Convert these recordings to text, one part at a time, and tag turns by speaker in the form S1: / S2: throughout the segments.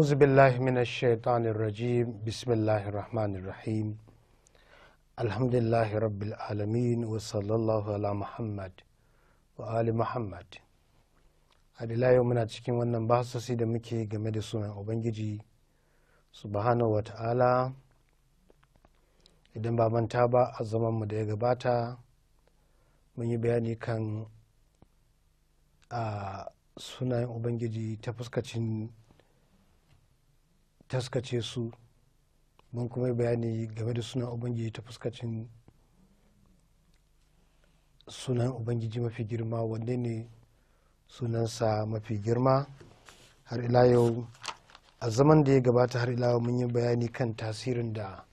S1: أعوذ بالله من الشيطان الرجيم بسم الله الرحمن الرحيم الحمد لله رب adila yau muna cikin wannan bahasasi da muke game da sunan ubangiji subhanahu wata'ala idan ba manta ba azaman mu da ya gabata mun yi bayani kan a ah, sunayen ubangiji ta fuskacin taskace su mun kuma bayani game da sunan ubangiji ta fuskacin sunan ubangiji mafi girma wanne ne sunansa mafi girma har ila yau a zaman da ya gabata har ila mun yi bayani kan tasirin da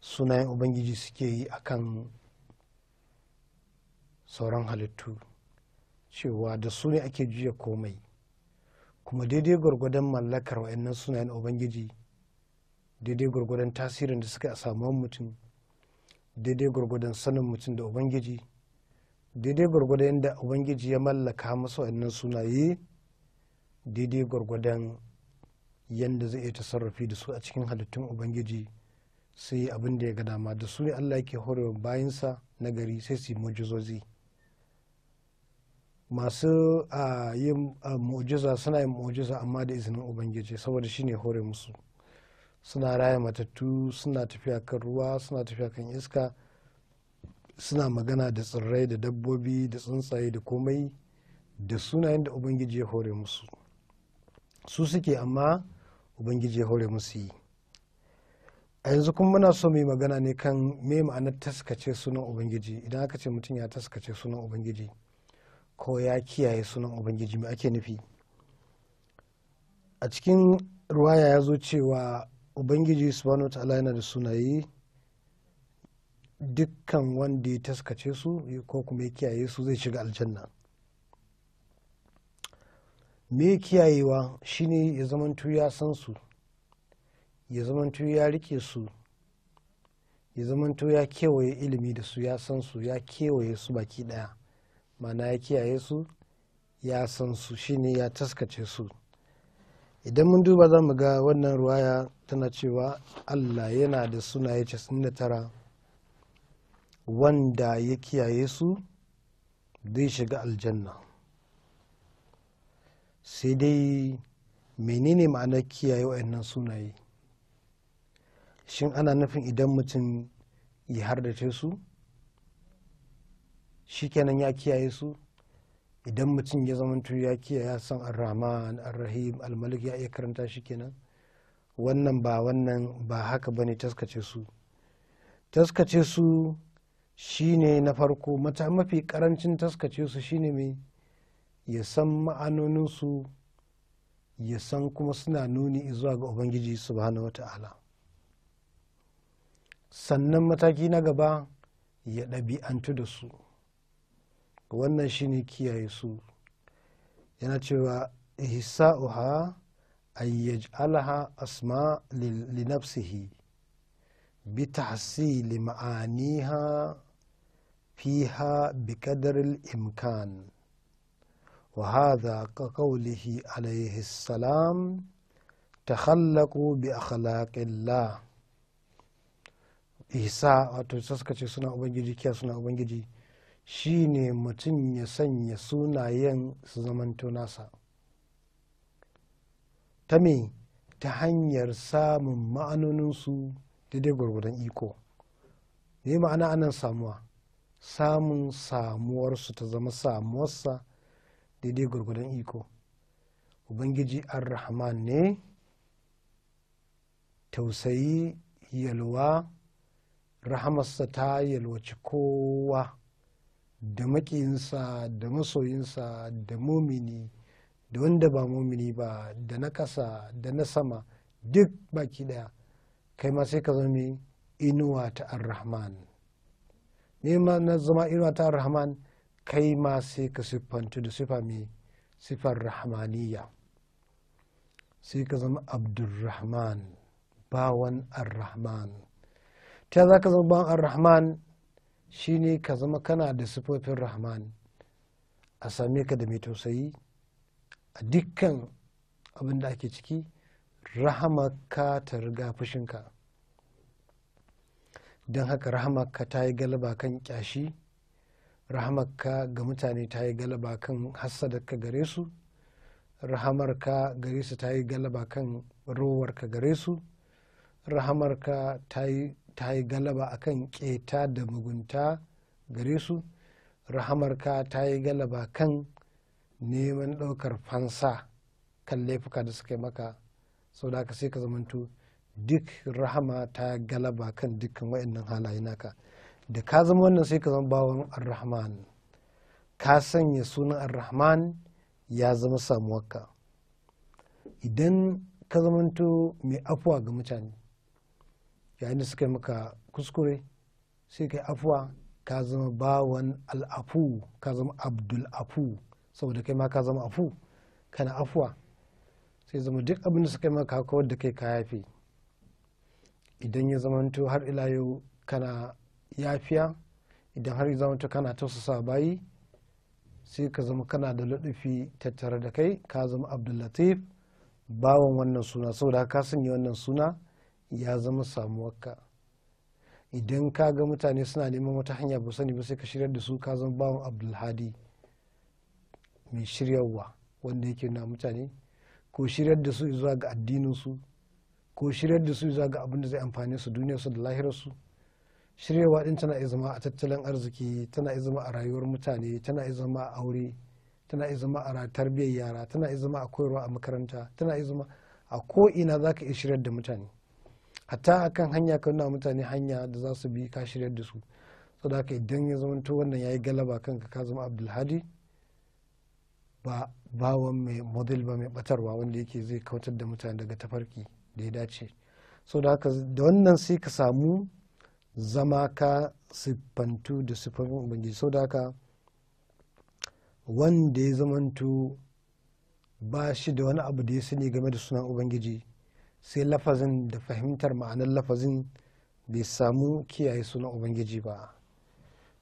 S1: sunayen ubangiji suke yi akan sauran halittu cewa da su ne ake juya komai kuma daidai gwargwadon mallakar wa'annan sunayen ubangiji daidai gwargwadon tasirin da suka samu mutum daidai gwargwadon sanin mutum da ubangiji daidai gwargwadon inda ubangiji ya mallaka masa wa'annan sunaye daidai gwargwadon yadda zai iya sarrafi da su a cikin halittun ubangiji sai abin da ya ga dama da su ne allah ke horewa bayansa na gari sai su yi mujizozi masu yin mu'jiza suna yin mu'jiza amma da izinin ubangiji saboda shine hore musu suna raya matattu suna tafiya kan ruwa suna tafiya kan iska suna magana da tsirrai da dabbobi da tsuntsaye da komai da sunayen da ubangiji ya hore musu su suke amma ubangiji ya hore musu yi a yanzu kuma muna so mu yi magana ne kan me ma'anar taskace sunan ubangiji idan aka ce mutum ya taskace sunan ubangiji ko ya kiyaye sunan ubangiji mai ake nufi a cikin ruwaya ya zo cewa ubangiji subhanahu ta'ala yana da sunaye dukkan wanda ya taskace su ko kuma ya kiyaye su zai shiga aljanna me kiyayewa shine ya zamantu ya san su ya zamantu ya rike su ya zamanto ya kewaye ilimi da su ya san su ya kewaye su baki daya mana ya kiyaye su ya san su shine ya taskace su idan mun duba za mu ga wannan ruwaya tana cewa allah yana da sunaye tara wanda ya kiyaye su zai shiga aljanna sai dai menene ma'ana kiyaye wa'annan sunaye shin ana nufin idan mutum ya hardace su shikenan ya kiyaye su idan mutum ya zamanto ya kiyaye san ar-rahman ar-rahim al-malik ya iya karanta shikenan wannan ba wannan ba haka bane taskace su taskace su shine na farko mata mafi karancin taskace su shine mai ya san su ya san kuma suna nuni zuwa ga ubangiji subhanahu wata'ala sannan mataki na gaba ya ɗabi'antu da su wannan shine kiyaye su yana cewa ihsa'uha ay yaj'alaha asma li nafsihi bi tahsil ma'aniha فيها بقدر الإمكان وهذا كقوله عليه السلام تخلقوا بأخلاق الله إحساء wato suka ce suna ubangiji kiya suna ubangiji shi ne mutum ya sanya sunayen su zamanto nasa ta me ta hanyar samun ma'anoninsu daidai gwargwadon iko ne ma'ana anan samuwa samun samuwarsu ta zama samuwarsa daidai gwargwadon iko ubangiji ar-rahman ne tausayi yalwa rahamarsa ta yalwaci kowa da makiyinsa da masoyinsa da momini da wanda ba momini ba da na kasa da na sama duk baki ɗaya kai ma sai ka zama inuwa ta arrahman nema ne ma na zama inuwa ta arrahman kai ma sai ka siffantu da siffa mai siffar rahmaniya sai ka zama abdurrahman bawan arrahman ta za ka zama bawan arrahman Shi ne ka zama kana da sifofin rahman a same ka da mai tausayi a dukkan abin da ake ciki rahamaka ta riga fushinka don haka rahamaka ta yi galaba kan kyashi rahamarka ga mutane ta yi galaba kan hassadarka gare su rahamarka gare su ta yi galaba kan rowarka gare su rahamarka ta yi ta yi galaba akan keta da mugunta gare su rahamarka ta yi galaba kan neman ɗaukar fansa kan laifuka da suka yi maka sau da sai ka zamantu duk rahama ta galaba kan dukkan wa'annan halaye naka da ka zama wannan sai ka zama bawan arrahman ka sanya sunan arrahman ya zama samuwarka idan ka zamanto mai afuwa ga mutane yayin da suka yi maka kuskure sai kai afuwa ka zama bawan al'afu ka zama abdul afu saboda kai ma ka zama afu kana afuwa sai zama duk abin da suka yi maka kawar da kai ka yafe idan ya zamanto har ila yau kana yafiya idan har ya zamanto kana tausasa bayi sai ka zama kana da ladufi tattare da kai ka zama Abdul latif bawan wannan suna saboda ka sanya wannan suna ya zama samuwarka idan ka ga mutane suna neman wata hanya ba sani ba sai ka shiryar da su ka zama bawan abdulhadi mai shiryarwa wanda yake na mutane ko shiryar da su zuwa ga addininsu ko shiryar da su zuwa ga abin da zai amfani su duniya su da lahirarsu shiryarwa din tana iya zama a tattalin arziki tana iya zama a rayuwar mutane tana iya zama a aure tana iya zama a tarbiyyar yara tana iya zama a koyarwa a makaranta tana iya zama a ko ina zaka iya shiryar da mutane hatta akan hanya ka nuna mutane hanya da za su bi ka shirya da su da haka idan ya zama to wannan yi galaba kanka ka zama abdulhadi ba bawan mai model ba mai batarwa wanda yake zai kautar da mutane daga tafarki da ya dace da haka da wannan sai ka samu zama ka siffantu da siffan ubangiji da haka wanda ya zamanto ba shi da wani abu da ya sani game da sunan ubangiji sai lafazin da fahimtar ma'anar lafazin bai samu kiyaye suna ubangiji ba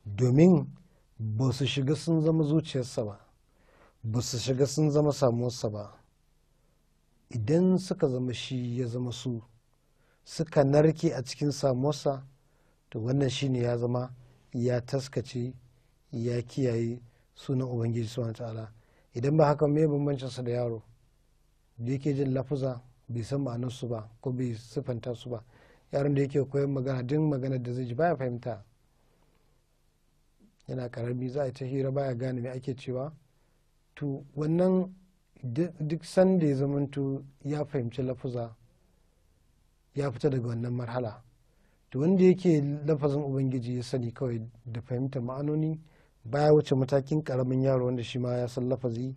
S1: domin ba su shiga sun zama zuciyarsa ba ba su shiga sun zama samuwarsa ba idan suka zama shi ya zama su suka narke a cikin samuwarsa to wannan shi ne ya zama ya taskace ya kiyaye sunan ubangiji suna ta'ala idan ba haka mai bambancinsa da yaro da yake jin lafuza bai san ma'anarsu ba ko bai siffanta su ba yaron da yake koyon magana din magana da zai ji baya fahimta yana karami za a ta hira baya gane mai ake cewa to wannan duk sanda ya zamantu ya fahimci lafuza ya fita daga wannan marhala to wanda yake lafazin ubangiji ya sani kawai da fahimta ma'anoni baya wuce matakin karamin yaro wanda shi ma ya san lafazi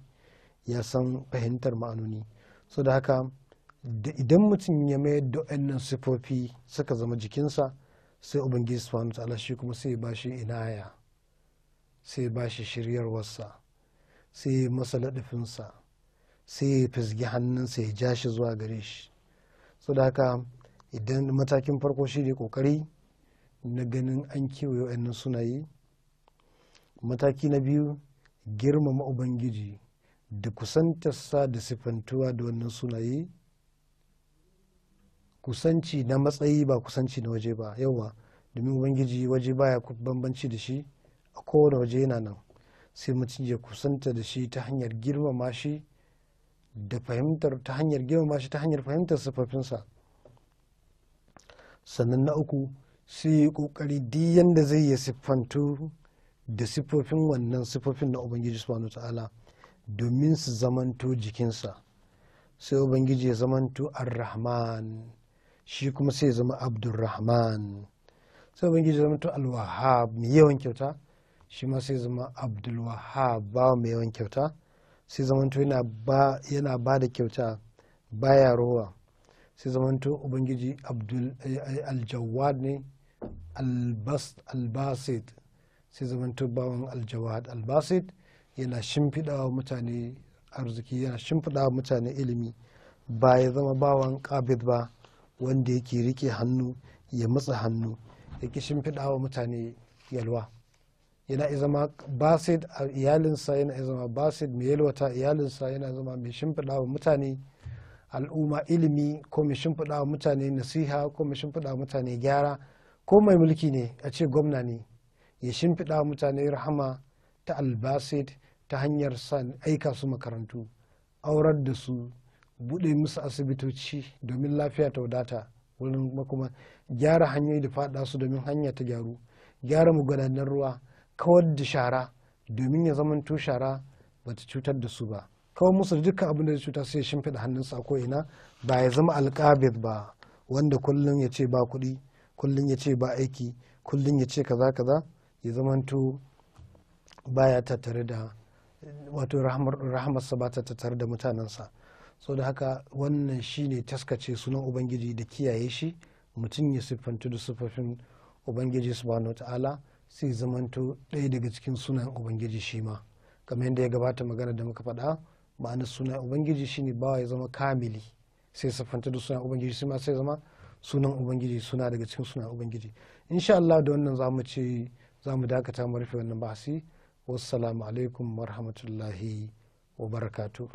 S1: ya san fahimtar ma'anoni so da haka da idan mutum ya mayar da wannan sifofi suka zama jikinsa sai ubangiji subhanahu ta'ala shi kuma sai ba shi inaya sai ba bashi shiryarwarsa sai ya masa laɗafinsa sai ya fizgi hannunsa ya ja shi zuwa gare shi sau da haka idan matakin farko shi ne kokari na ganin an kewaye suna sunaye mataki na biyu girmama ubangiji da kusantarsa da sifantuwa da wannan sunaye kusanci na matsayi ba kusanci na waje ba yauwa domin ubangiji waje baya bambanci da shi a kowane waje yana nan sai mutum ya kusanta da shi ta hanyar girmama shi da fahimtar ta hanyar girmama shi ta hanyar fahimtar sa sannan na uku sai yi kokari duk yanda zai ya siffantu da siffofin wannan siffofin na ubangiji subhanahu ta'ala domin su zamanto jikinsa sai ubangiji ya zamanto ar-rahman shi kuma sai zama abdulrahman sai ubangiji zama alwahab mai yawan kyauta shi ma sai zama abdulwahab ba mai yawan kyauta sai zama yana ba da kyauta baya rowa sai zama to ubangiji eh, aljawad ne albasid sai zama to bawan aljawad albasid yana shimfiɗawa mutane arziki yana shimfiɗawa mutane ilimi ba ya zama bawan ƙabid ba wanda yake rike hannu ya matsa hannu ya ki shimfiɗa wa mutane yalwa yana zama basid a iyalinsa yana zama basid mai yalwata iyalinsa yana zama mai shimfiɗa wa mutane al'umma ilimi ko mai shimfiɗa wa mutane nasiha ko mai shimfiɗa wa mutane gyara ko mai mulki ne a ce gwamna ne ya shimfiɗa wa mutane rahama ta albasid ta hanyar aika su makarantu aurar da su buɗe musu asibitoci domin lafiya ta wadata wurin kuma gyara hanyoyi da faɗa su domin hanya ta gyaru gyara magudanan ruwa kawar da shara domin ya to shara ba ta cutar da su ba kawar musu da dukkan abin da ya cuta sai ya shimfiɗa hannunsu a ko'ina ba ya zama alƙabir ba wanda kullum ya ce ba kuɗi kullum ya ce ba aiki kullum ya ce kaza kaza ya to baya tattare da wato rahamarsa ba ta tattare da mutanensa sau da haka wannan shi ne taskace sunan ubangiji da kiyaye shi mutum ya siffantu da siffafin ubangiji subhanahu ta'ala sai zamanto ɗaya daga cikin sunan ubangiji shi ma kamar yadda ya gabata magana da muka faɗa ma'ana sunan ubangiji shi ne bawa ya zama kamili sai siffantu da sunan ubangiji shi ma sai zama sunan ubangiji suna daga cikin sunan ubangiji insha Allah da wannan zamu ce zamu dakata mu rufe wannan bahasi wassalamu alaikum warahmatullahi wa barakatu